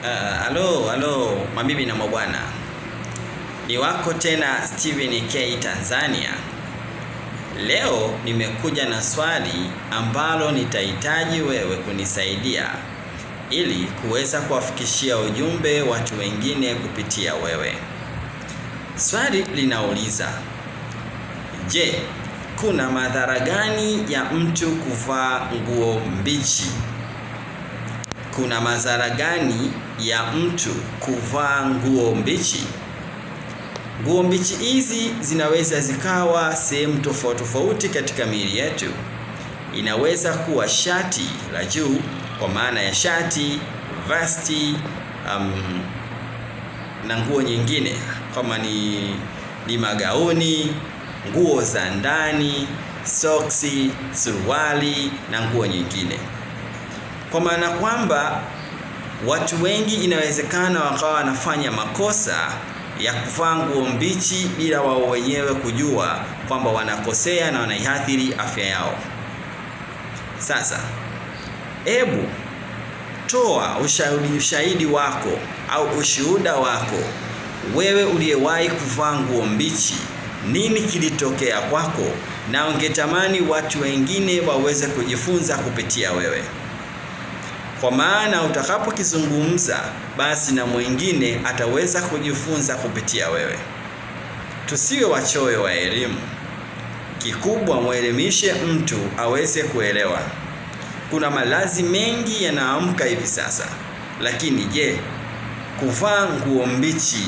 Uh, eh, alo alo, mabibi na mabwana, ni wako tena Steven K Tanzania. Leo nimekuja na swali ambalo nitahitaji wewe kunisaidia ili kuweza kuwafikishia ujumbe watu wengine kupitia wewe. Swali linauliza, je, kuna madhara gani ya mtu kuvaa nguo mbichi? kuna madhara gani ya mtu kuvaa nguo mbichi? Nguo mbichi hizi zinaweza zikawa sehemu tofauti tofauti katika miili yetu. Inaweza kuwa shati la juu kwa maana ya shati, vesti, um, na nguo nyingine kama ni, ni magauni, nguo za ndani, soksi, suruali na nguo nyingine kwa maana kwamba watu wengi inawezekana wakawa wanafanya makosa ya kuvaa nguo mbichi bila wao wenyewe kujua kwamba wanakosea na wanaiathiri afya yao. Sasa ebu toa ushahidi ushahidi wako au ushuhuda wako wewe uliyewahi kuvaa nguo mbichi, nini kilitokea kwako, na ungetamani watu wengine waweze kujifunza kupitia wewe kwa maana utakapokizungumza basi na mwingine ataweza kujifunza kupitia wewe. Tusiwe wachoyo wa elimu. Kikubwa mwelimishe mtu aweze kuelewa. Kuna malazi mengi yanaamka hivi sasa, lakini je, kuvaa nguo mbichi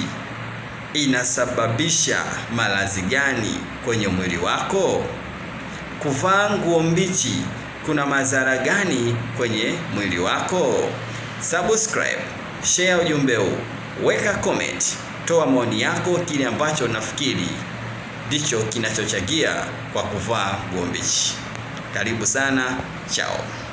inasababisha malazi gani kwenye mwili wako? Kuvaa nguo mbichi kuna madhara gani kwenye mwili wako? Subscribe, share ujumbe huu, weka comment, toa maoni yako, kile ambacho nafikiri ndicho kinachochagia kwa kuvaa nguo mbichi. Karibu sana, chao.